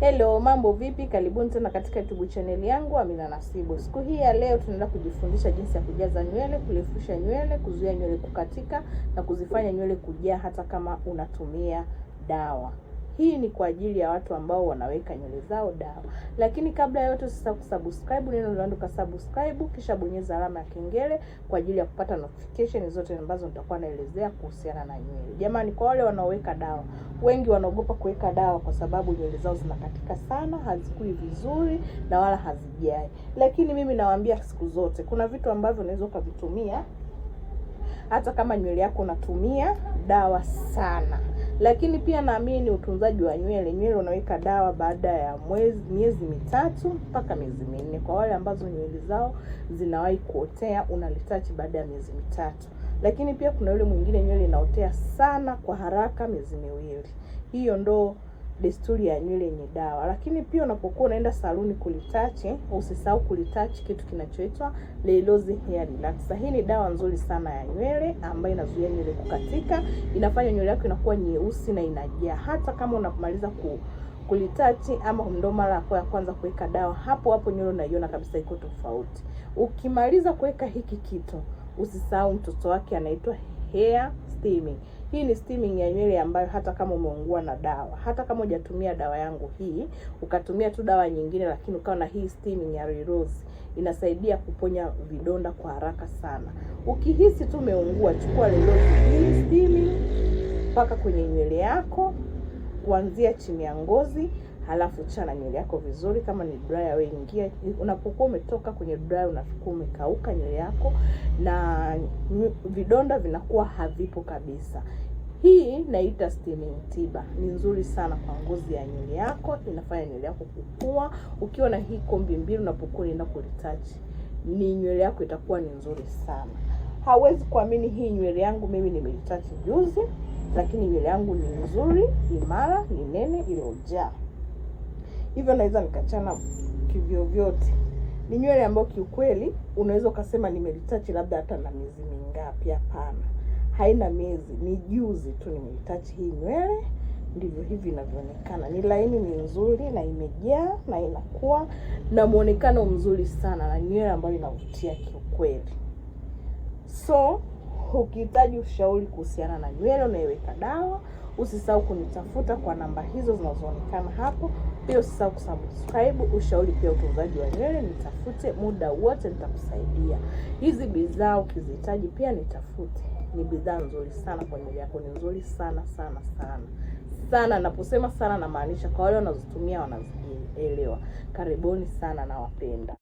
Hello, mambo vipi? Karibuni tena katika YouTube channel yangu Amina Nasibu. Siku hii ya leo tunaenda kujifundisha jinsi ya kujaza nywele, kurefusha nywele, kuzuia nywele kukatika na kuzifanya nywele kujaa hata kama unatumia dawa. Hii ni kwa ajili ya watu ambao wanaweka nywele zao dawa. Lakini kabla ya yote, sasa kusubscribe, neno unaandika subscribe, kisha bonyeza alama ya kengele kwa ajili ya kupata notification zote ambazo nitakuwa naelezea kuhusiana na nywele. Jamani, kwa wale wanaoweka dawa, wengi wanaogopa kuweka dawa kwa sababu nywele zao zinakatika sana, hazikui vizuri na wala hazijai. Lakini mimi nawaambia siku zote kuna vitu ambavyo unaweza ukavitumia hata kama nywele yako unatumia dawa sana. Lakini pia naamini utunzaji wa nywele. Nywele unaweka dawa baada ya mwezi miezi mitatu mpaka miezi minne. Kwa wale ambazo nywele zao zinawahi kuotea, unalitachi baada ya miezi mitatu. Lakini pia kuna yule mwingine nywele inaotea sana kwa haraka miezi miwili. Hiyo ndo desturi ya nywele yenye dawa. Lakini pia unapokuwa unaenda saluni kulitachi, usisahau kulitachi kitu kinachoitwa Lelozi Hair Relax. Hii ni dawa nzuri sana ya nywele ambayo inazuia nywele kukatika, inafanya nywele yako inakuwa nyeusi na inajaa. Hata kama unamaliza ku kulitachi ama ndo mara yako ya kwanza kuweka dawa, hapo hapo nywele unaiona kabisa iko tofauti. Ukimaliza kuweka hiki kitu, usisahau mtoto wake anaitwa hair steaming. Hii ni steaming ya nywele ambayo hata kama umeungua na dawa, hata kama hujatumia dawa yangu hii, ukatumia tu dawa nyingine, lakini ukawa na hii steaming ya Royalrose inasaidia kuponya vidonda kwa haraka sana. Ukihisi tu umeungua, chukua Royalrose hii steaming mpaka kwenye nywele yako kuanzia chini ya ngozi halafu chana nywele yako vizuri. Kama ni dryer wewe ingia, unapokuwa umetoka kwenye dryer unafikua umekauka nywele yako na vidonda vinakuwa havipo kabisa. Hii naita steaming tiba, ni nzuri sana kwa ngozi ya nywele yako, inafanya nywele yako kukua. Ukiwa na hii kombi mbili, unapokuwa unaenda kuritachi ni nywele yako itakuwa ni nzuri sana. Hawezi kuamini hii nywele yangu mimi nimeitachi juzi, lakini nywele yangu ni nzuri, imara, ni nene, iliyojaa hivyo naweza nikachana kivyovyote. Ni nywele ambayo kiukweli unaweza ukasema nimelitachi labda hata na miezi mingapi? Hapana, haina miezi, ni juzi tu nimelitachi hii nywele, ndivyo hivi inavyoonekana. Ni laini, ni nzuri na imejaa na inakuwa na mwonekano mzuri sana, na nywele ambayo inavutia kiukweli. So ukihitaji ushauri kuhusiana na nywele, unaiweka dawa Usisahau kunitafuta kwa namba hizo zinazoonekana hapo. Pia usisahau kusubscribe. Ushauri pia utunzaji wa nywele, nitafute muda wote, nitakusaidia. Hizi bidhaa ukizihitaji pia nitafute, ni bidhaa nzuri sana kwa nywele yako, ni nzuri sana sana sana sana. Naposema sana, namaanisha kwa wale wanazotumia wanazielewa. Karibuni sana, nawapenda.